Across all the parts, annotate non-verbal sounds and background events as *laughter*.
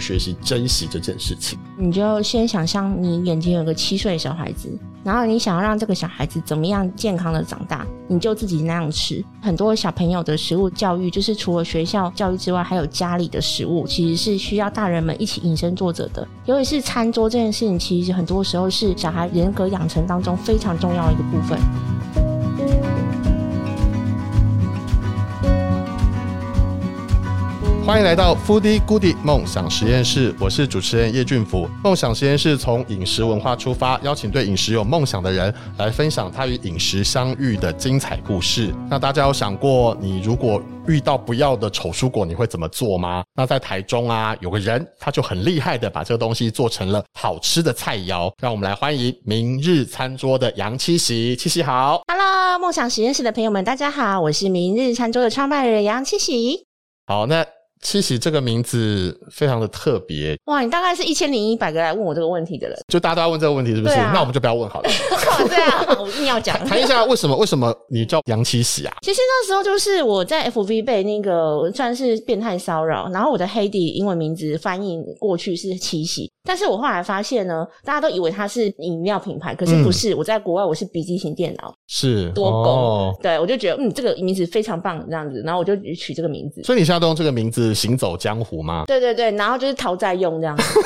去學習珍惜這件事情，你就先想象你眼前有個七歲小孩子，然後你想要讓這個小孩子怎麼樣健康的長大，你就自己那樣吃。很多小朋友的食物教育，就是除了學校教育之外，還有家裡的食物，其實是需要大人們一起以身作則的。尤其是餐桌這件事情，其實很多時候是小孩人格養成當中非常重要的一個部分。歡迎來到 Foodie Goodie 夢想食驗室，我是主持人葉俊福。夢想食驗室從飲食文化出發，邀請對飲食有夢想的人來分享他與飲食相遇的精彩故事。那大家有想過，你如果遇到不要的醜蔬果，你會怎麼做嗎？那在台中啊，有個人他就很厲害的把這個東西做成了好吃的菜餚。讓我們來歡迎明日餐桌的楊七喜，七喜好，Hello，夢想食驗室的朋友們，大家好，我是明日餐桌的創辦人楊七喜。好，那。七喜這個名字非常的特別。哇，你大概是一千零一百個來問我這個問題的人。就大家都要問這個問題，是不是、啊？那我們就不要問好了。 *laughs* 哦、對啊，好，我硬要講。談 *laughs* 一下為什麼 *laughs* 為什麼你叫楊七喜啊？其實那時候就是我在 F V 被那個算是變態騷擾，然後我的黑底英文名字翻譯過去是七喜，但是我後來發現呢，大家都以為它是飲料品牌，可是不是。嗯、我在國外我是筆記型電腦，是多功、哦。對，我就覺得嗯，這個名字非常棒這樣子，然後我就取這個名字。所以你現在都用這個名字。行走江湖嗎？對對對，然後就是討債用這樣子。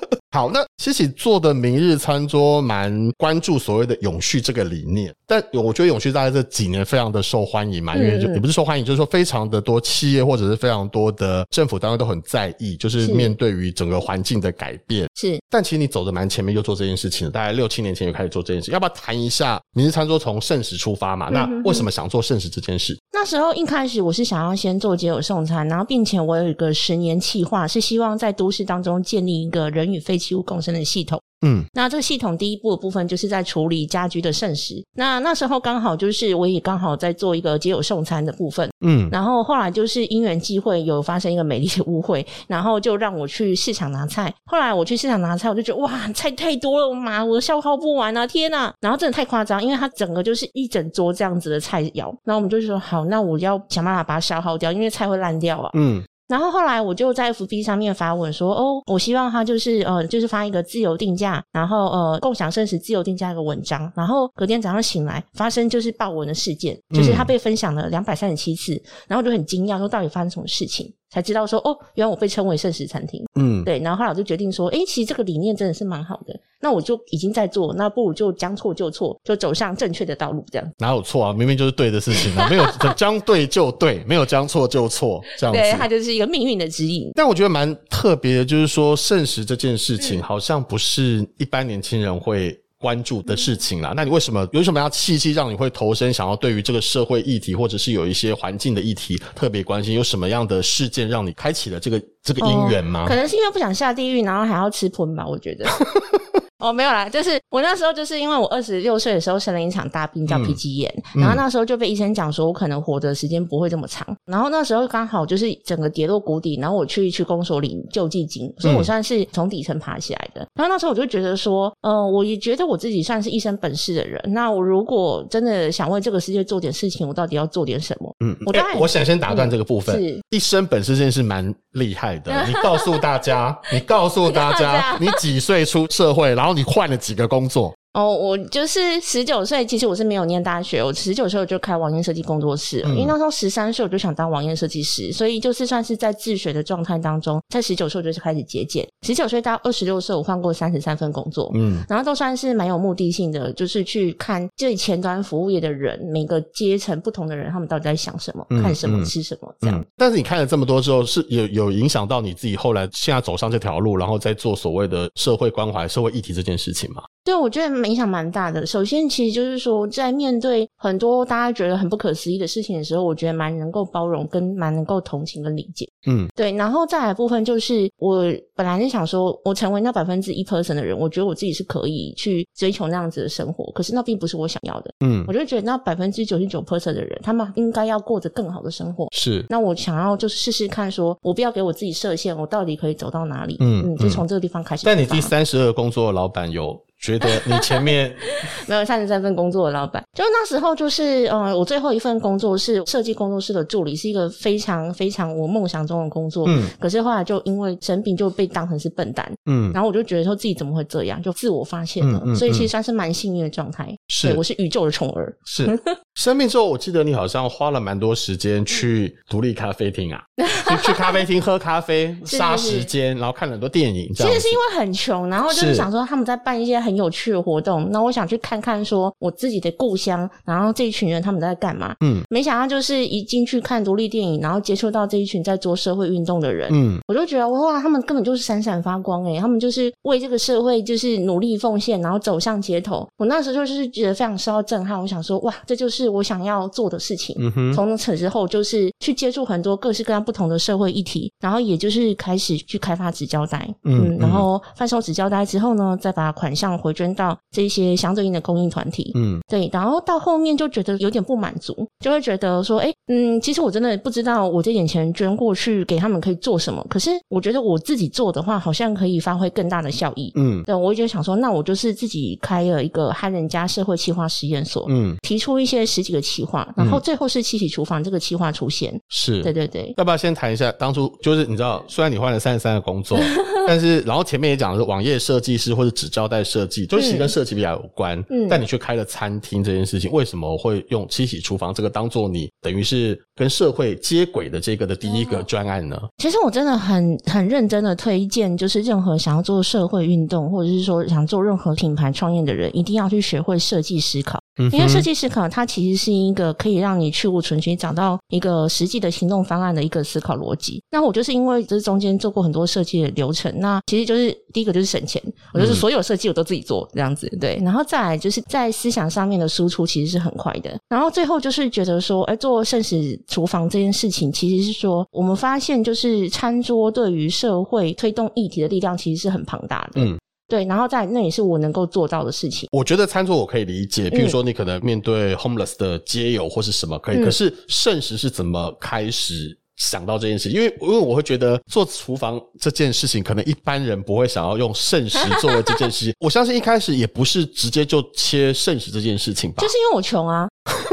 *laughs* 好，那七喜做的明日餐桌蠻關注所謂的永續這個理念，但我覺得永續大概這幾年非常的受歡迎嘛，嗯、因為就也不是受歡迎，就是說非常的多企業或者是非常多的政府單位都很在意，就是面對於整個環境的改變。是，但其實你走的蠻前面就做這件事情，大概六七年前就開始做這件事，要不要談一下明日餐桌從續食出發嘛、嗯哼哼。那為什麼想做續食這件事？那時候一開始我是想要先做街友送餐，然後並且我有一個十年計劃，是希望在都市當中建立一個人與非。起物共生的系統，嗯，那這個系統第一步的部分就是在處理家居的剩食。那那時候剛好就是我也剛好在做一個街友送餐的部分，嗯，然後後來就是因緣際會有發生一個美麗的誤會，然後就讓我去市場拿菜。後來我去市場拿菜，我就覺得哇，菜太多了，媽，我都消耗不完啊，天吶！啊，然後真的太誇張，因為它整個就是一整桌這樣子的菜肴。然後我們就說好，那我要想辦法把它消耗掉，因為菜會爛掉啊，嗯。然後後來我就在 FB 上面發文說，哦，我希望他就是呃，就是發一個自由定價，然後呃，共享剩食自由定價一個文章。然後隔天早上醒來，發生就是爆文的事件，就是他被分享了兩百三十七次，然後我就很驚訝說，到底發生什麼事情？才知道說哦，原來我被稱為剩食餐廳，嗯，對，然後後來我就決定說，誒、欸，其實這個理念真的是蠻好的，那我就已經在做，那不如就將錯就錯，就走向正確的道路，這樣哪有錯啊？明明就是對的事情、啊，沒有將 *laughs* 對就對，沒有將錯就錯，這樣子對它就是一個命運的指引。但我覺得蠻特別的，就是說剩食這件事情，好像不是一般年輕人會。關注的事情啦。嗯、那你為什麼有什麼樣的契機讓你會投身想要對於這個社會議題或者是有一些環境的議題特別關心？有什麼樣的事件讓你開啟了這個這個因緣嗎、哦？可能是因為不想下地獄，然後還要吃葷吧，我覺得。 *laughs* 哦、oh，沒有啦，就是我那時候就是因為我二十六歲的時候生了一場大病叫皮肌炎，然後那時候就被醫生講說我可能活的時間不會這麼長，然後那時候剛好就是整個跌落谷底，然後我去去公所領救濟金，所以我算是從底層爬起來的，嗯。然後那時候我就覺得說，嗯、呃，我也覺得我自己算是一身本事的人。那我如果真的想為這個世界做點事情，我到底要做點什麼？嗯，我、欸、我想先打斷這個部分，嗯、是一身本事真的是蠻。厲害的，你告訴大家， *laughs* 你告訴大家，你幾歲出社會，然後你換了幾個工作。哦、oh，我就是十九歲，其實我是沒有念大學。我十九歲我就開網頁設計工作室，嗯，因為那時候十三歲我就想當網頁設計師，所以就是算是在自學的狀態當中。在十九歲我就是開始節儉，十九歲到二十六歲我換過三十三份工作，嗯，然後都算是蠻有目的性的，就是去看最前端服務業的人，每個階層不同的人，他們到底在想什麼，嗯、看什麼、嗯，吃什麼這樣、嗯嗯。但是你看了這麼多之後，是有有影響到你自己後來現在走上這條路，然後再做所謂的社會關懷、社會議題這件事情嗎？對，我覺得。影響蠻大的。首先，其實就是說，在面對很多大家覺得很不可思議的事情的時候，我覺得蠻能夠包容，跟蠻能夠同情跟理解。嗯，對。然後再來部分，就是我本來是想說，我成為那百分之一 person 的人，我覺得我自己是可以去追求那樣子的生活。可是那並不是我想要的。嗯，我就覺得那百分之九十九 person 的人，他們應該要過着更好的生活。是。那我想要就是試試看說，說我不要給我自己設限，我到底可以走到哪裡？嗯，嗯嗯就從這個地方開始。但你第三十二工作的老闆有？覺得你前面 *laughs* 沒有三十三份工作的老闆，就是那時候，就是呃、嗯，我最後一份工作是設計工作室的助理，是一個非常非常我夢想中的工作。嗯，可是後來就因為生病就被當成是笨蛋，嗯，然後我就覺得說自己怎麼會這樣，就自我發現了，嗯嗯嗯、所以其實算是蠻幸運的狀態。是，我是宇宙的寵兒。是，是生病之後，我記得你好像花了蠻多時間去獨立咖啡廳啊， *laughs* 去咖啡廳喝咖啡、殺 *laughs* 時間，然後看很多電影這樣。其實是因為很窮，然後就是想說他們在辦一些很。很有趣的活動，那我想去看看，說我自己的故鄉，然後這一群人他們在幹嘛？嗯，沒想到就是一進去看獨立電影，然後接觸到這一群在做社會運動的人，嗯，我就覺得哇，他們根本就是閃閃發光哎、欸，他們就是為這個社會就是努力奉獻，然後走向街頭。我那時候就是覺得非常受到震撼，我想說哇，這就是我想要做的事情。嗯哼，從此之後，就是去接觸很多各式各樣不同的社會議題，然後也就是開始去開發紙膠帶，嗯，然後販售紙膠帶之後呢，再把款項，回捐到這些相對應的公益團體，嗯，對，然後到後面就覺得有點不滿足，就會覺得說，哎、欸，嗯，其實我真的不知道我這點錢捐過去給他們可以做什麼，可是我覺得我自己做的話，好像可以發揮更大的效益，嗯，對，我就想說，那我就是自己開了一個漢人家社會企劃實驗所，嗯，提出一些十幾個企劃，然後最後是七喜廚房這個企劃出現，是、嗯，對對對、對，要不要先談一下當初？就是你知道，雖然你換了三十三個工作， *laughs* 但是然後前面也講的是網頁設計師或者只招待設。就是跟設計比較有關，嗯。但你去開了餐廳這件事情，嗯，為什麼會用七喜廚房這個當做你等於是跟社會接軌的這個的第一個專案呢？嗯。其實我真的很很認真的推薦，就是任何想要做社會運動，或者是說想做任何品牌創業的人，一定要去學會設計思考。因為設計思考可能他其實是一個可以讓你去蕪存菁，找到一個實際的行動方案的一個思考邏輯。那我就是因為這中間做過很多設計的流程，那其實就是第一個就是省錢，我就是所有設計我都自己做這樣子、嗯。對，然後再來就是在思想上面的輸出其實是很快的。然後最後就是覺得說，哎、欸，做剩食廚房這件事情，其實是說我們發現就是餐桌對於社會推動議題的力量其實是很龐大的。嗯。對，然後在那也是我能夠做到的事情。我覺得餐桌我可以理解，譬如說，你可能面對 homeless 的街友或是什麼可以，嗯、可是剩食是怎麼開始想到這件事？因為因為我會覺得做廚房這件事情，可能一般人不會想要用剩食做為這件事情。 *laughs* 我相信一開始也不是直接就切剩食這件事情吧，就是因為我窮啊。 *laughs*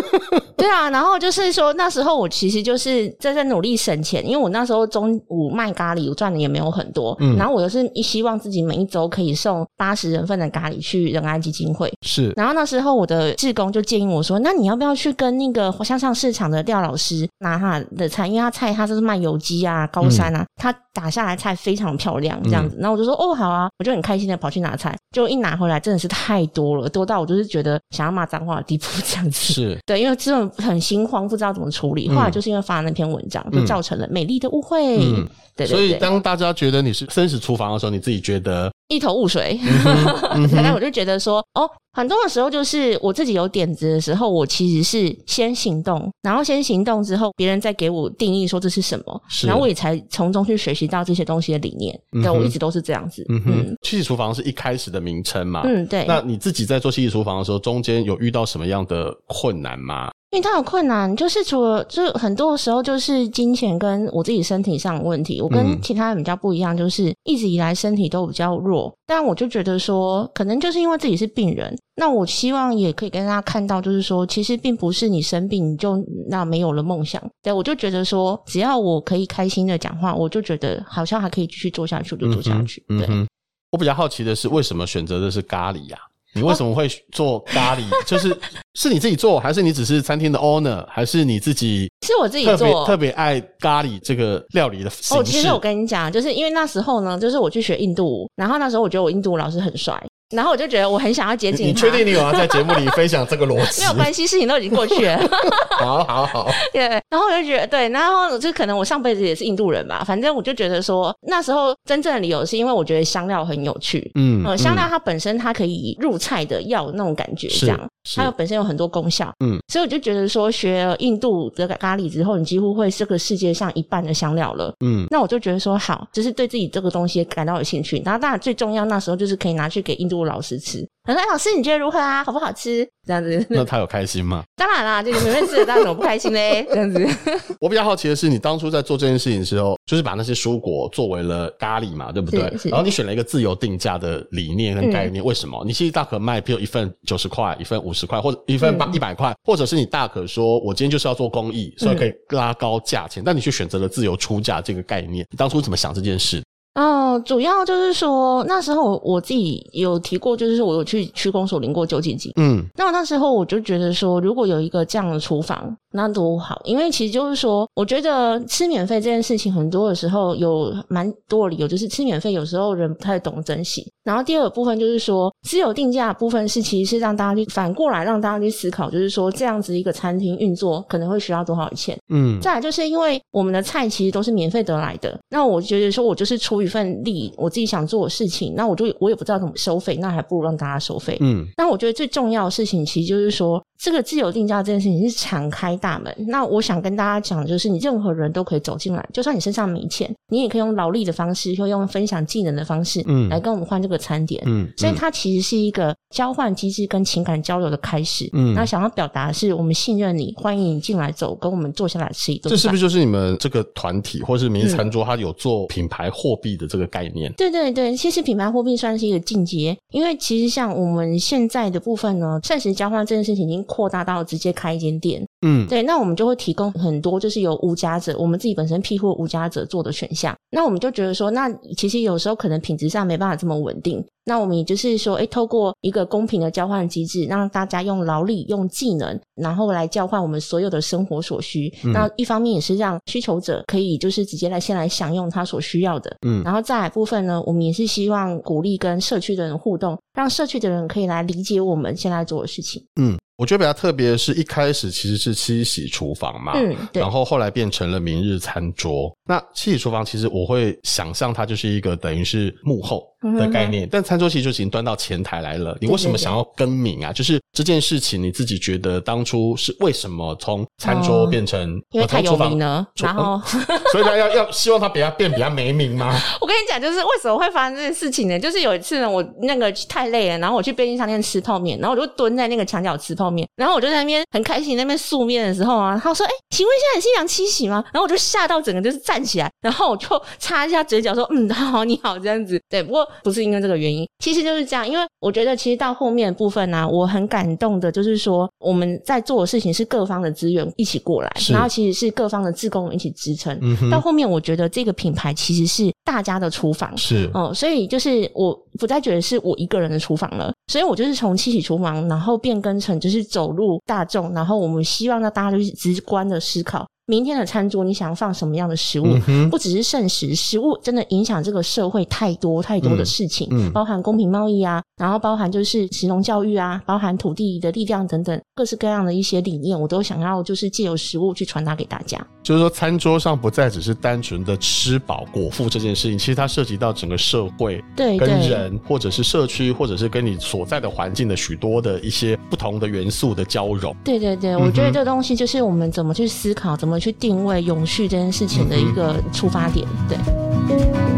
對啊，然後就是說那時候我其實就是在在努力省錢，因為我那時候中午賣咖喱，我賺的也沒有很多。嗯。然後我就是希望自己每一周可以送八十人份的咖喱去仁安基金會。是。然後那時候我的志工就建議我說：“那你要不要去跟那個向上市場的廖老師拿他的菜？因為他菜他就是賣有機啊高山啊、嗯，他打下來菜非常漂亮這樣子。嗯”然後我就說：“哦，好啊！”我就很開心的跑去拿菜，就一拿回來真的是太多了，多到我就是覺得想要罵髒話的地步這樣子。是。對，因為這種。很心慌，不知道怎麼處理，後來就是因為發了那篇文章、嗯，就造成了美麗的誤會。嗯、對，對，對，對，所以當大家覺得你是剩食廚房的時候，你自己覺得一頭霧水。原、嗯、來、嗯 *laughs* 嗯、我就覺得說，哦，很多的時候就是我自己有點子的時候，我其實是先行動，然後先行動之後，別人再給我定義說這是什麼，是然後我也才從中去學習到這些東西的理念、嗯。對，我一直都是這樣子。嗯哼，七喜、嗯、廚房是一開始的名稱嘛？嗯，對。那你自己在做七喜廚房的時候，中間有遇到什麼樣的困難嗎？因為他有困難，就是除了就很多時候就是金錢跟我自己身體上的問題。我跟其他人比較不一樣，就是、嗯、一直以來身體都比較弱。但我就覺得說，可能就是因為自己是病人。那我希望也可以跟大家看到，就是說，其實並不是你生病你就那沒有了夢想。對，我就覺得說，只要我可以開心的講話，我就覺得好像還可以繼續做下去，就做下去、嗯嗯。對。我比較好奇的是，為什麼選擇的是咖喱呀、啊？你為什麼會做咖喱？ *laughs* 就是是你自己做，還是你只是餐廳的 owner，還是你自己？是我自己做，特別愛咖喱這個料理的。哦，其實我跟你講，就是因為那時候呢，就是我去學印度舞，然後那時候我覺得我印度舞老師很帥。然後我就覺得我很想要接近。你確定你有要在節目裡分享這個邏輯？沒有關係，事情都已經過去了。 *laughs* 好。好好好。對，yeah, 然後我就覺得，對，然後就可能我上輩子也是印度人吧。反正我就覺得說，那時候真正的理由是因為我覺得香料很有趣。嗯，呃、香料它本身它可以入菜的藥那種感覺，這樣，它本身有很多功效。嗯，所以我就覺得說，學了印度的咖喱之後，你幾乎會是這個世界上一半的香料了。嗯，那我就覺得說，好，就是對自己這個東西感到有興趣。然後當然最重要，那時候就是可以拿去給印度。不老實吃，他說：“老師，你覺得如何啊？好不好吃？這樣子，那他有開心嗎？當然啦，就你們會吃得到， *laughs* 大家怎麼不開心呢？這樣子，我比較好奇的是，你當初在做這件事情的時候，就是把那些蔬果作為了咖喱嘛，對不對？然後你選了一個自由定價的理念跟概念，嗯，為什麼？你其實大可賣，比如一份九十塊，一份五十塊，或者一份八一百塊，或者是你大可說，我今天就是要做公益，所以可以拉高價錢，嗯，但你卻選擇了自由出價這個概念。你當初怎麼想這件事？”哦，主要就是說那時候我自己有提過，就是說我有去區公所領過救濟金。嗯，那我那時候我就覺得說，如果有一個這樣的廚房，那多好。因為其實就是說，我覺得吃免費這件事情很多的時候有蠻多理由，就是吃免費有時候人不太懂珍惜。然後第二個部分就是說，自由定價部分是其實是讓大家去反過來讓大家去思考，就是說這樣子一個餐廳運作可能會需要多少錢。嗯，再來就是因為我們的菜其實都是免費得來的，那我覺得說我就是出於。一份力，我自己想做的事情，那我就我也不知道怎麼收費，那還不如讓大家收費。嗯，那我覺得最重要的事情，其實就是說，這個自由定價這件事情是敞開大門，那我想跟大家講的就是，你任何人都可以走進來，就算你身上沒錢，你也可以用勞力的方式，或用分享技能的方式，嗯，來跟我們換這個餐點，嗯，嗯，所以它其實是一個交換機制跟情感交流的開始，嗯，那想要表達的是我們信任你，歡迎你進來走，跟我們坐下來吃一頓。這是不是就是你們這個團體或是明日餐桌，它有做品牌貨幣的這個概念、嗯？對對對，其實品牌貨幣算是一個進階，因為其實像我們現在的部分呢，膳食交換這件事情已經。擴大到直接開一間店，嗯，對，那我們就會提供很多，就是由無家者，我們自己本身庇護無家者做的選項。那我們就覺得說，那其實有時候可能品質上沒辦法這麼穩定。那我們也就是說，誒、欸，透過一個公平的交換機制，讓大家用勞力、用技能，然後來交換我們所有的生活所需。嗯、那一方面也是讓需求者可以就是直接來先來享用他所需要的，嗯。然後再來部分呢，我們也是希望鼓勵跟社區的人互動，讓社區的人可以來理解我們現在做的事情，嗯。我覺得比較特別的是，一開始其實是七喜廚房嘛，嗯，然後後來變成了明日餐桌。那七喜廚房其實我會想象它就是一個等於是幕後的概念，嗯、但餐桌其實就已經端到前台來了、嗯。你為什麼想要更名啊對對對？就是這件事情你自己覺得當初是為什麼從餐桌變成七喜廚房呢？然後，嗯、 *laughs* 所以他要要希望他別較變比較沒名嗎？ *laughs* 我跟你講，就是為什麼會發生這件事情呢？就是有一次呢，我那個太累了，然後我去便利商店吃泡麵，然後我就蹲在那個牆角吃泡麵，然後我就在那邊很開心那邊素面的時候啊，他說：“哎、欸，請問一下你是楊七喜嗎？”然後我就嚇到整個就是站。站起來，然後我就擦一下嘴角，說：“嗯，你好，你好。”這樣子，對。不過不是因為這個原因，其實就是這樣。因為我覺得，其實到後面的部分呢、啊，我很感動的，就是說我們在做的事情是各方的資源一起過來，然後其實是各方的志工一起支撐、嗯。到後面，我覺得這個品牌其實是大家的廚房，是哦、嗯，所以就是我不再覺得是我一個人的廚房了。所以我就是從七喜廚房，然後變更成就是走入大眾，然後我們希望讓大家就是直觀的思考。明天的餐桌，你想放什麼樣的食物？嗯、不只是剩食，食物真的影響這個社會太多太多的事情，嗯嗯、包含公平貿易啊，然後包含就是食農教育啊，包含土地的力量等等各式各樣的一些理念，我都想要就是借由食物去傳達給大家。就是說，餐桌上不再只是單純的吃飽果腹這件事情，其實它涉及到整個社會、跟人對對對，或者是社區，或者是跟你所在的環境的許多的一些不同的元素的交融。對對對，我覺得這個東西就是我們怎麼去思考，嗯、怎麼，去定位永續這件事情的一個出發點，嗯嗯對。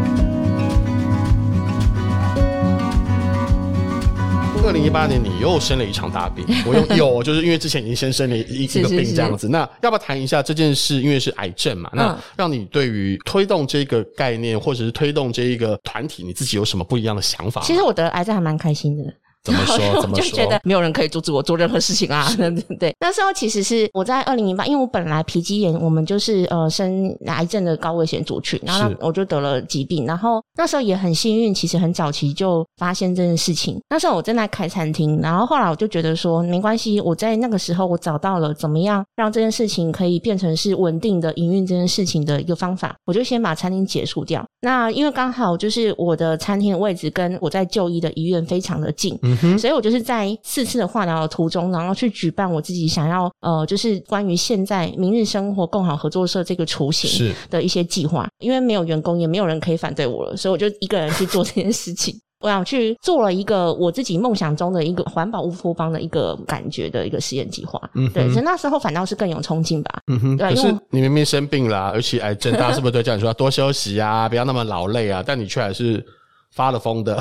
二零一八年你又生了一場大病，嗯、我有有， *laughs* 就是因為之前已經先生了一次病這樣子。是是是。那要不要談一下這件事？因為是癌症嘛，嗯、那讓你對於推動這個概念，或者是推動這一個團體，你自己有什麼不一樣的想法？其實我得癌症還蠻開心的。怎麼說？我就覺得沒有人可以阻止我做任何事情啊！對對對。那時候其實是我在二零零八，因為我本來皮肌炎，我們就是呃生癌症的高危險族群，然後我就得了疾病。然後那時候也很幸運，其實很早期就發現這件事情。那時候我正在開餐廳，然後後來我就覺得說沒關係，我在那個時候我找到了怎麼樣讓這件事情可以變成是穩定的營運這件事情的一個方法。我就先把餐廳結束掉。那因為剛好就是我的餐廳位置跟我在就醫的醫院非常的近。嗯嗯、哼所以，我就是在四次的化療的途中，然後去舉辦我自己想要呃，就是關於現在明日生活更好合作社這個雛形的一些計劃。因為沒有員工，也沒有人可以反對我了，所以我就一個人去做這件事情。我 *laughs* 要去做了一個我自己夢想中的一個環保烏托邦的一個感覺的一個實驗計劃。嗯，對，所以那時候反倒是更有衝勁吧。嗯哼對、啊。可是你明明生病了，啊，而且癌症，哎、大家是不是都叫你說要多休息啊， *laughs* 不要那麼勞累啊？但你卻還是。發了瘋的，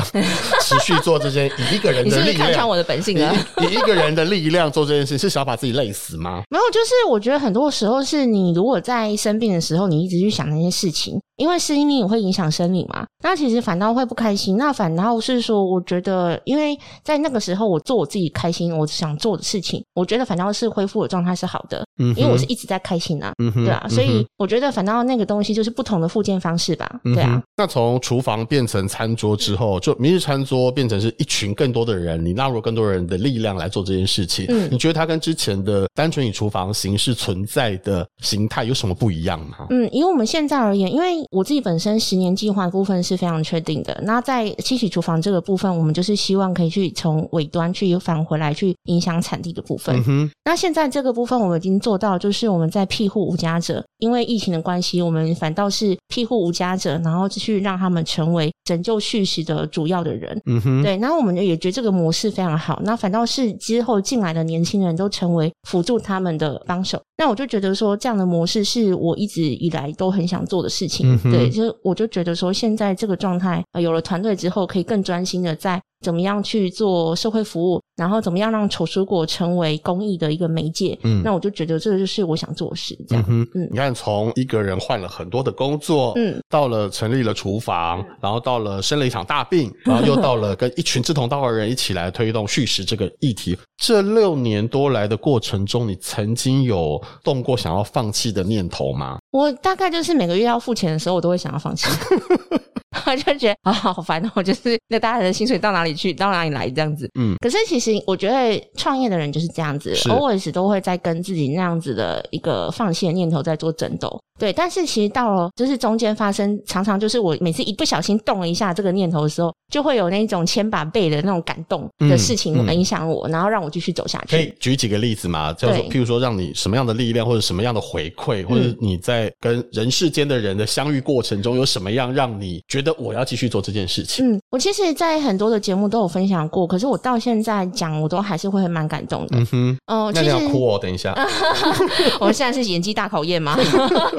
持續做這些 *laughs* 以一個人的力量，你是看穿我的本性了。 *laughs* 以一個人的力量做這件事是想把自己累死嗎？沒有，就是我覺得很多時候是，你如果在生病的時候，你一直去想那些事情，因為心理也會影響生理嘛。那其實反倒會不開心。那反倒，是說我覺得，因為在那個時候，我做我自己開心，我想做的事情，我覺得反倒是恢復的狀態是好的。嗯，因為我是一直在開心啊，嗯、哼對啊。所以我覺得，反倒那個東西就是不同的復健方式吧。嗯、對啊。嗯、那從廚房變成餐桌之後，就明日餐桌變成是一群更多的人，你納入更多人的力量來做這件事情。嗯，你覺得它跟之前的單純以廚房形式存在的形態有什麼不一樣嗎？嗯，以我們現在而言，因為我自己本身十年計劃的部分是非常確定的。那在清洗廚房這個部分，我們就是希望可以去從尾端去返回來去影響產地的部分、嗯哼。那現在這個部分我們已經做到，就是我們在庇護無家者。因為疫情的關係，我們反倒是庇護無家者，然後去讓他們成為拯救。去時的主要的人，嗯哼，對，那我們也覺得這個模式非常好。那反倒是之後進來的年輕人都成為輔助他們的幫手。那我就覺得說，這樣的模式是我一直以來都很想做的事情。嗯、對，就我就覺得說，現在這個狀態、呃、有了團隊之後，可以更專心的在怎麼樣去做社會服務，然後怎麼樣讓醜蔬果成為公益的一個媒介。嗯，那我就覺得這就是我想做的事。這樣。嗯嗯，你看，從一個人換了很多的工作，嗯，到了成立了廚房，然後到了生。了一場大病，然後又到了跟一群志同道合的人一起來推動續食這個議題。這六年多來的過程中，你曾經有動過想要放棄的念頭嗎 *music* ？我大概就是每個月要付錢的時候，我都會想要放棄， *laughs* 我就覺得啊、哦，好煩！我就是那，大家的薪水到哪裡去，到哪裡來這樣子。嗯，可是其實我覺得創業的人就是這樣子，是偶爾時都會在跟自己那樣子的一個放棄的念頭在做爭鬥。對，但是其實到了就是中間發生，常常就是我每次一不小心動了一下這個念頭的時候，就會有那種千把倍的那種感動的事情有有影響我、嗯嗯，然後讓我繼續走下去。可以舉幾個例子嘛？叫、就、做、是、譬如說，讓你什麼樣的力量，或者什麼樣的回饋，或者你在跟人世間的人的相遇過程中、嗯、有什麼樣讓你覺得我要繼續做這件事情？嗯，我其實，在很多的節目都有分享過，可是我到現在講，我都還是會蠻感動的。嗯哼，哦、呃，那你要哭哦、喔？等一下， *laughs* 我現在是演技大考驗嗎？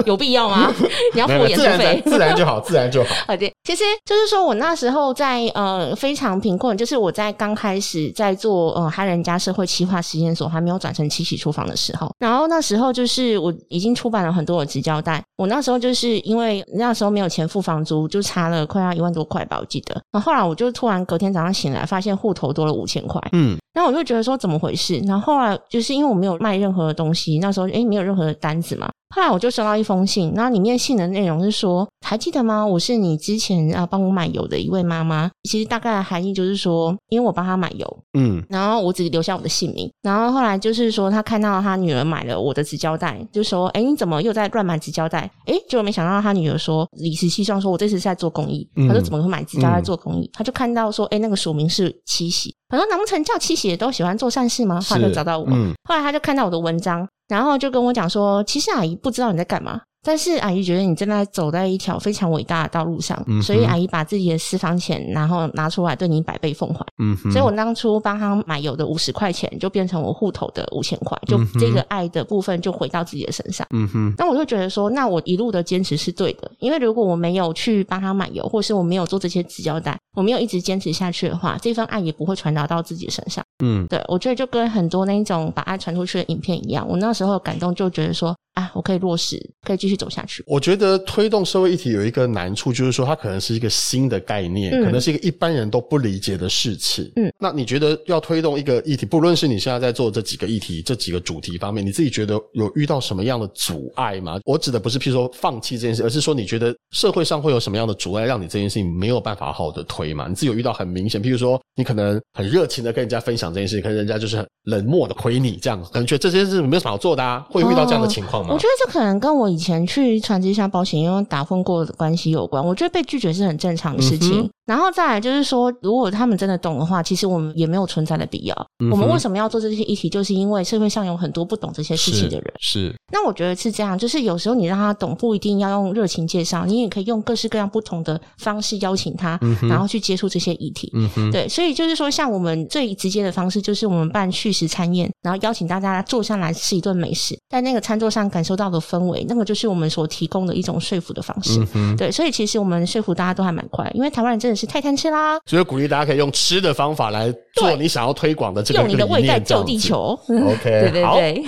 *laughs* 有必要嗎？ *laughs* *laughs* 你要付演出費。自然就好，自然就好。好的，其實就是說，我那時候在呃非常貧困，就是我在剛開始在做呃哈人家社會企劃實驗所，還沒有轉成七喜廚、廚房的時候，然後那時候就是我已經出版了很多的紙膠帶，我那時候就是因為那時候沒有錢付房租，就差了快要一萬多塊吧，我記得。然後後來我就突然隔天早上醒來，發現戶頭多了五千塊，嗯，那我就覺得說怎麼回事？然後後來就是因為我沒有賣任何的東西，那時候哎沒有任何的單子嘛。後來我就收到一封信，然後裡面信的內容是說，還記得嗎？我是你之前啊幫我買油的一位媽媽。其實大概的含義就是說，因為我幫他買油，嗯，然後我只留下我的姓名。然後後來就是說，他看到他女兒買了我的紙膠帶，就說：“哎，你怎麼又在亂買紙膠帶？”哎，結果沒想到他女兒說理直氣壯說：“我這次是在做公益。”他說：“怎麼會買紙膠帶做公益？”他、嗯嗯、就看到說：“哎，那個署名是七喜，反正難不成叫七喜都喜歡做善事嗎？”後來就找到我，嗯、後來他就看到我的文章。然後就跟我講說，其實阿姨不知道你在幹嘛。但是阿姨覺得你正在走在一條非常偉大的道路上，嗯，所以阿姨把自己的私房錢，然後拿出來對你百倍奉還。嗯哼，所以我當初幫他買油的五十塊錢，就變成我戶頭的五千塊，就這個愛的部分就回到自己的身上。嗯哼，那我就覺得說，那我一路的堅持是對的，因為如果我沒有去幫他買油，或是我沒有做這些紙膠帶，我沒有一直堅持下去的話，這一份愛也不會傳達到自己的身上。嗯，對，我覺得就跟很多那一種把愛傳出去的影片一樣，我那時候感動就覺得說，啊，我可以落實，可以繼續。去走下去，我覺得推動社會議題有一個難處，就是說它可能是一個新的概念，嗯，可能是一個一般人都不理解的事情。嗯，那你覺得要推動一個議題，不論是你現在在做這幾個議題、這幾個主題方面，你自己覺得有遇到什麼樣的阻礙嗎？我指的不是譬如說放棄這件事，而是說你覺得社會上會有什麼樣的阻礙，讓你這件事情沒有辦法好好的推嗎？你自己有遇到很明顯，譬如說你可能很熱情的跟人家分享這件事，可能人家就是很冷漠的回你，這樣子，可能覺得這件事沒有什麼好做的，啊。會遇到這樣的情況嗎？哦，我覺得這可能跟我以前。你去傳遞一下保險，因為打混過的關係有關，我覺得被拒絕是很正常的事情。嗯然後再來就是說，如果他們真的懂的話，其實我們也沒有存在的必要，嗯。我們為什麼要做這些議題，就是因為社會上有很多不懂這些事情的人。是。是那我覺得是這樣，就是有時候你讓他懂，不一定要用熱情介紹，你也可以用各式各樣不同的方式邀請他，嗯、然後去接觸這些議題。嗯、對，所以就是說，像我們最直接的方式，就是我們辦續食餐宴，然後邀請大家坐下來吃一頓美食，在那個餐桌上感受到的氛圍，那個就是我們所提供的一種說服的方式。嗯、對，所以其實我們說服大家都還蠻快，因為台灣人真的是。吃太貪吃啦！所以鼓勵大家可以用吃的方法來做你想要推廣的這個理念，用你的胃在救地球。OK， *laughs* 對對對。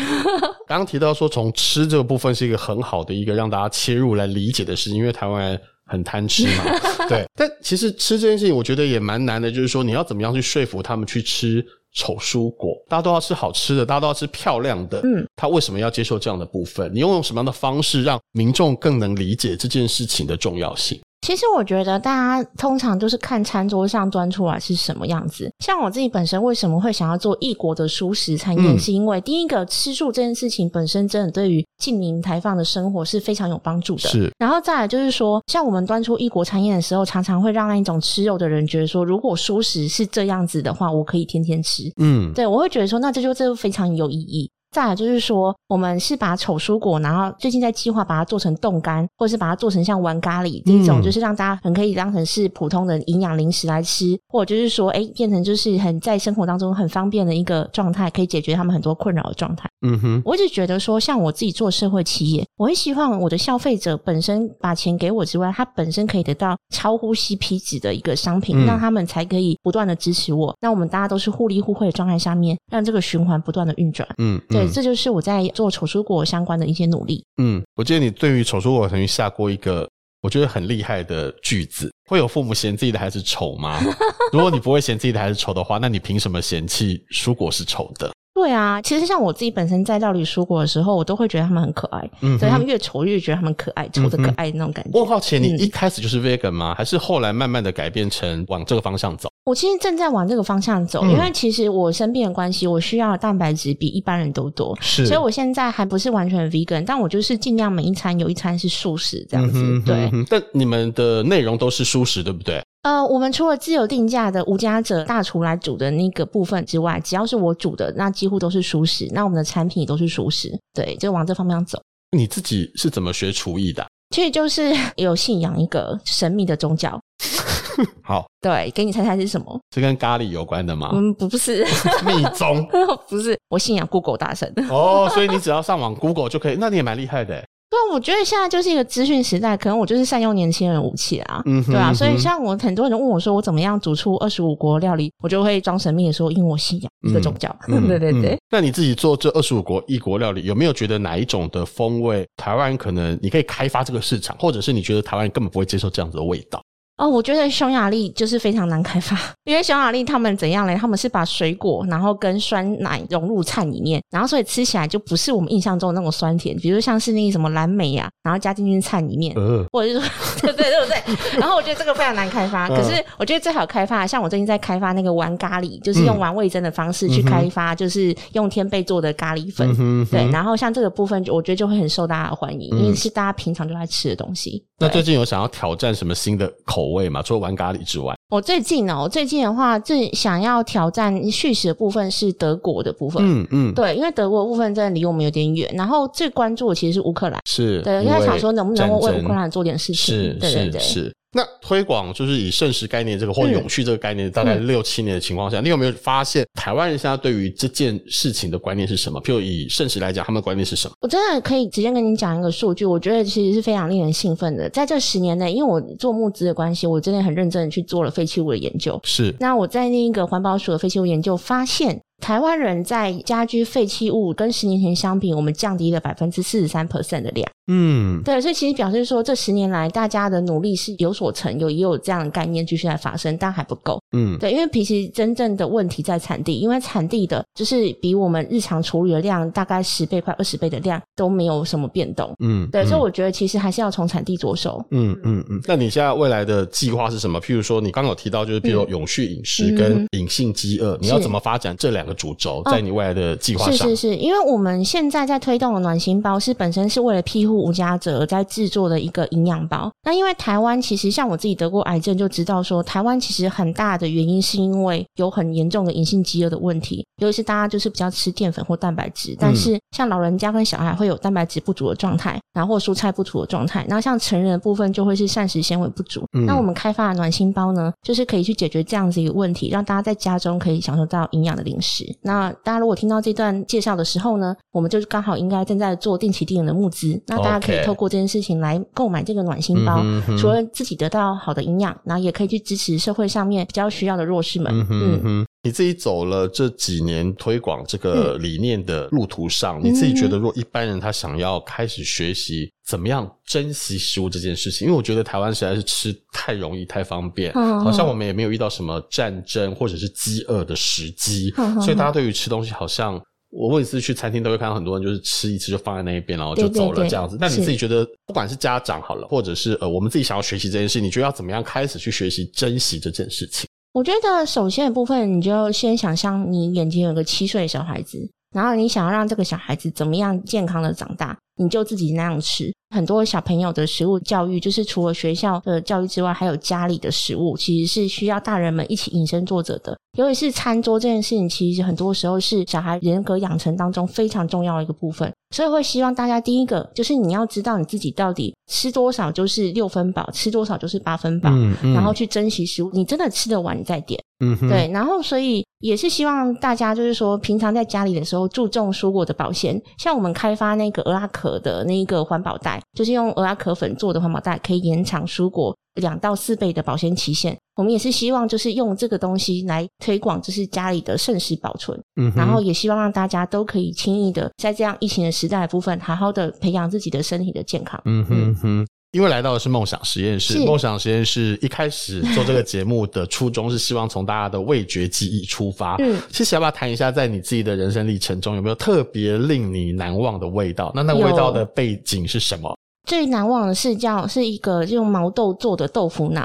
剛剛提到說，從吃這個部分是一個很好的一個讓大家切入來理解的事情，因為台灣人很貪吃嘛。 *laughs* 對，但其實吃這件事情，我覺得也蠻難的，就是說你要怎麼樣去說服他們去吃醜蔬果？大家都要吃好吃的，大家都要吃漂亮的。嗯，他為什麼要接受這樣的部分？你用什麼樣的方式讓民眾更能理解這件事情的重要性？其實我覺得，大家通常就是看餐桌上端出來是什麼樣子。像我自己本身為什麼會想要做異國的蔬食餐宴，嗯，是因為第一個吃素這件事情本身真的對於近零排放的生活是非常有幫助的。是，然後再來就是說，像我們端出異國餐宴的時候，常常會讓那一種吃肉的人覺得說，如果蔬食是這樣子的話，我可以天天吃。嗯，對，對我會覺得說，那這就這就非常有意義。再來就是說，我們是把醜蔬果，然後最近在計劃把它做成凍乾，或者是把它做成像丸咖喱這種，嗯，就是讓大家很可以當成是普通的營養零食來吃，或者就是說，哎，欸，變成就是很在生活當中很方便的一個狀態，可以解決他們很多困擾的狀態。嗯哼，我一直覺得說，像我自己做社會企業，我會希望我的消費者本身把錢給我之外，他本身可以得到超乎 CP 值的一個商品，嗯，讓他們才可以不斷的支持我，那我們大家都是互利互惠的狀態下面，讓這個循環不斷的運轉。嗯，嗯，對。這就是我在做醜蔬果相關的一些努力。嗯，我記得你對於醜蔬果曾經下過一個我覺得很厲害的句子：會有父母嫌自己的孩子醜嗎？ *laughs* 如果你不會嫌自己的孩子醜的話，那你憑什麼嫌棄蔬果是醜的？對啊，其實像我自己本身在料理蔬果的時候，我都會覺得他們很可愛，嗯、所以他們越醜越覺得他們可愛，醜的可愛的那種感覺。嗯、我好奇你一開始就是 vegan 嗎、嗯？還是後來慢慢的改變成往這個方向走？我其實正在往這個方向走，嗯、因為其實我生病的關係，我需要的蛋白質比一般人都多，是，所以我現在還不是完全 vegan，但我就是盡量每一餐有一餐是素食這樣子。嗯、哼哼哼對。但你們的內容都是素食，對不對？呃，我們除了自有定價的無家者大廚來煮的那個部分之外，只要是我煮的，那幾乎都是熟食。那我們的產品也都是熟食，對，就往這方面走。你自己是怎麼學廚藝的、啊？其實就是有信仰一個神秘的宗教。 *laughs* 好，對，給你猜猜是什麼？是跟咖喱有關的嗎？嗯，不是。 *laughs* 密宗 *laughs* 不是，我信仰 Google 大神。哦、 *laughs* oh，所以你只要上網 Google 就可以，那你也蠻厲害的。那我覺得現在就是一個資訊時代，可能我就是善用年輕人武器啊，嗯、對吧、啊？所以像我很多人問我說，我怎麼樣煮出二十五國料理？我就會裝神秘的說，因為我信仰這個宗教，嗯、對對對、嗯嗯。那你自己做這二十五國異國料理，有沒有覺得哪一種的風味台灣可能你可以開發這個市場，或者是你覺得台灣根本不會接受這樣子的味道？哦，我覺得匈牙利就是非常難開發，因為匈牙利他們怎樣嘞？他們是把水果然後跟酸奶融入菜裡面，然後所以吃起來就不是我們印象中的那種酸甜，比如像是那個什麼藍莓呀、啊，然後加進去菜裡面，嗯、呃，或者是對對對對， *laughs* 然後我覺得這個非常難開發。可是我覺得最好開發，像我最近在開發那個玩咖喱，就是用玩味噌的方式去開發，就是用天貝做的咖喱粉、嗯嗯，對。然後像這個部分，就我覺得就會很受大家的歡迎，因為是大家平常就在吃的東西。那最近有想要挑戰什麼新的口味嗎？除了玩咖喱之外，我最近哦、喔，我最近的話最想要挑戰續食的部分是德國的部分，嗯嗯，對，因為德國的部分真的離我們有點遠，然後最關注的其實是烏克蘭，是對，因為他想說能不能為烏克蘭做點事情，是是是。是對對對是。那推廣就是以剩食概念這個、嗯、或永續這個概念，大概六七年的情況下、嗯，你有沒有發現台灣人現在對於這件事情的觀念是什麼？譬如以剩食來講，他們的觀念是什麼？我真的可以直接跟你講一個數據，我覺得其實是非常令人興奮的。在這十年內，因為我做募資的關係，我真的很認真的去做了廢棄物的研究。是，那我在那個環保署的廢棄物研究發現。台灣人在家居廢棄物跟十年前相比，我們降低了百分之四十三 percent 的量。嗯，對，所以其實表示說，這十年來大家的努力是有所成就，也有這樣的概念繼續在發生，但還不夠。嗯，對，因為其實真正的問題在產地，因為產地的就是比我們日常處理的量大概十倍、快二十倍的量都沒有什麼變動嗯。嗯，對，所以我覺得其實還是要從產地着手。嗯嗯嗯。那你現在未來的計劃是什麼？譬如說，你剛剛有提到就是，譬如說永續飲食跟隱性飢餓、嗯嗯，你要怎麼發展這兩個主軸，在你未來的計劃上、嗯？是是是，因為我們現在在推動的暖心包，是本身是為了庇護無家者而在制作的一個營養包。那因為台灣其實像我自己得過癌症就知道說，台灣其實很大的。的原因是因為有很嚴重的隱性飢餓的問題，尤其是大家就是比較吃澱粉或蛋白質，但是像老人家跟小孩會有蛋白質不足的狀態，然後蔬菜不足的狀態，那像成人的部分就會是膳食纖維不足、嗯。那我們開發的暖心包呢，就是可以去解決這樣子一個問題，讓大家在家中可以享受到營養的零食。那大家如果聽到這段介紹的時候呢，我們就是剛好應該正在做定期定額的募資，那大家可以透過這件事情來購買這個暖心包，Okay. 除了自己得到好的營養、嗯，然後也可以去支持社會上面比較。需要的弱勢們，嗯哼嗯，你自己走了這幾年推廣這個理念的路途上，嗯、你自己覺得，若一般人他想要開始學習怎麼樣珍惜食物這件事情，因為我覺得台灣實在是吃太容易、太方便，好，好，好像我們也沒有遇到什麼戰爭或者是飢餓的時機，好好所以大家對於吃東西好像我每次去餐廳都會看到很多人就是吃一次就放在那一邊，然後就走了這樣子。那你自己覺得，不管是家長好了，或者是呃，我們自己想要學習這件事，你覺得要怎麼樣開始去學習珍惜這件事情？我覺得，首先的部分，你就先想象你眼睛有個七歲的小孩子，然後你想要讓這個小孩子怎麼樣健康的長大。你就自己那樣吃。很多小朋友的食物教育，就是除了學校的教育之外，還有家裡的食物，其實是需要大人們一起以身作則的。尤其是餐桌這件事情，其實很多時候是小孩人格養成當中非常重要的一個部分。所以會希望大家第一個就是你要知道你自己到底吃多少就是六分飽，吃多少就是八分飽，嗯嗯，然後去珍惜食物。你真的吃得完，你再點。嗯、對。然後，所以也是希望大家就是說，平常在家裡的時候注重蔬果的保鮮。像我們開發那個蚵拉可，的那一個環保袋，就是用蚵殼粉做的環保袋，可以延長蔬果兩到四倍的保鮮期限。我們也是希望，就是用這個東西來推廣，就是家裡的剩食保存，嗯，然後也希望讓大家都可以輕易的在這樣疫情的時代的部分，好好的培養自己的身體的健康，嗯哼哼。因為來到的是夢想食驗室，夢想食驗室一開始做這個節目的初衷是希望從大家的味覺記憶出發。嗯，其實要不要談一下，在你自己的人生歷程中，有沒有特別令你難忘的味道？那那個味道的背景是什麼？最難忘的是叫，是一個用毛豆做的豆腐腦。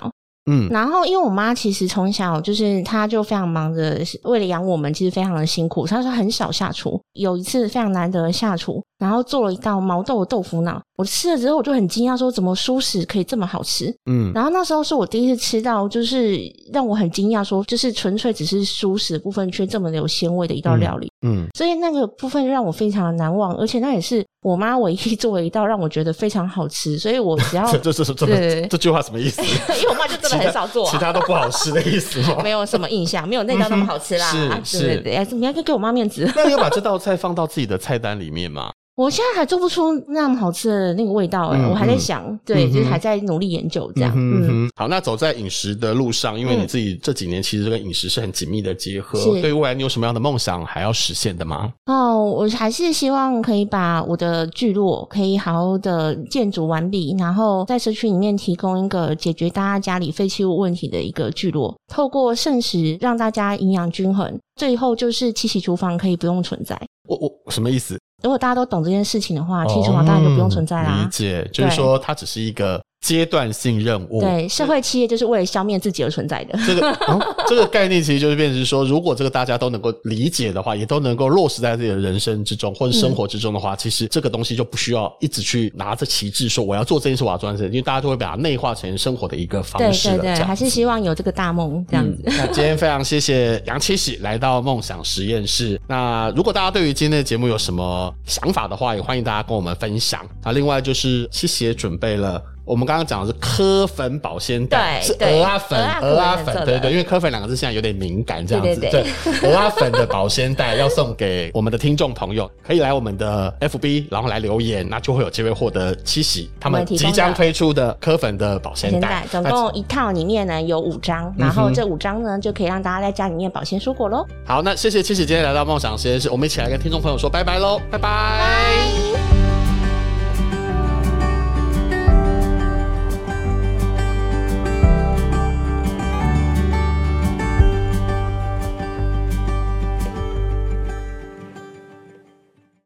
嗯，然後因為我媽其實從小就是，她就非常忙着為了養我們，其實非常的辛苦。她說很少下廚，有一次非常難得下廚，然後做了一道毛豆豆腐腦。我吃了之後我就很驚訝，說怎麼蔬食可以這麼好吃？嗯，然後那時候是我第一次吃到，就是讓我很驚訝，說就是純粹只是蔬食的部分卻這麼有鮮味的一道料理嗯。嗯，所以那個部分讓我非常的難忘，而且那也是。我媽唯一做了一道讓我覺得非常好吃，所以我只要 *laughs* 這這這麼？這句話什麼意思？因為我媽就真的很少做、啊其，其他都不好吃的意思、喔、 *laughs* 沒有什麼印象，沒有那道那麼好吃啦，嗯是啊、對不對，對？哎，你要給我媽面子，那你有把這道菜放到自己的菜單裡面嗎？ *laughs* 我現在還做不出那樣好吃的那個味道哎、欸嗯，我還在想，對、嗯，就是還在努力研究這樣。嗯哼，嗯哼。好，那走在飲食的路上，因為你自己這幾年其實跟飲食是很緊密的結合。嗯、對未來你有什麼樣的夢想還要實現的嗎？哦，我還是希望可以把我的聚落可以好好的建築完畢，然後在社區裡面提供一個解決大家家裡廢棄物問題的一個聚落，透過剩食讓大家營養均衡，最後就是七喜廚房可以不用存在。我我什麼意思？如果大家都懂這件事情的話，其實嘛，當然就不用存在啦、啊哦嗯。理解，就是說它只是一個。階段性任務，對，社會企業就是為了消滅自己而存在的。這個、哦、 *laughs* 這個概念其實就是變成說，如果這個大家都能夠理解的話，也都能夠落實在自己的人生之中或者生活之中的話、嗯，其實這個東西就不需要一直去拿着旗幟說我要做這件事，我要做這件事，因為大家都會把它內化成生活的一個方式。對對對，還是希望有這個大夢這樣子、嗯。那今天非常謝謝楊七喜來到夢想食驗室。 *laughs* 那如果大家對於今天的節目有什麼想法的話，也歡迎大家跟我們分享。那另外就是七喜也準備了。我們剛剛講的是蚵粉保鮮袋，蚵仔粉，蚵仔粉，粉，粉，對對，因為蚵粉兩個字現在有點敏感，這樣子，對，對，對，對，蚵 *laughs* 仔粉的保鮮袋要送給我們的聽眾朋友，可以來我們的 FB，然後來留言，那就會有機會獲得七喜他們即將推出的蚵粉的保鮮袋，總共一套裡面呢有五張，然後這五張呢、嗯、就可以讓大家在家裡面保鮮蔬果嘍。好，那謝謝七喜今天來到夢想食驗室，我們一起來跟聽眾朋友說拜拜嘍，拜拜。Bye.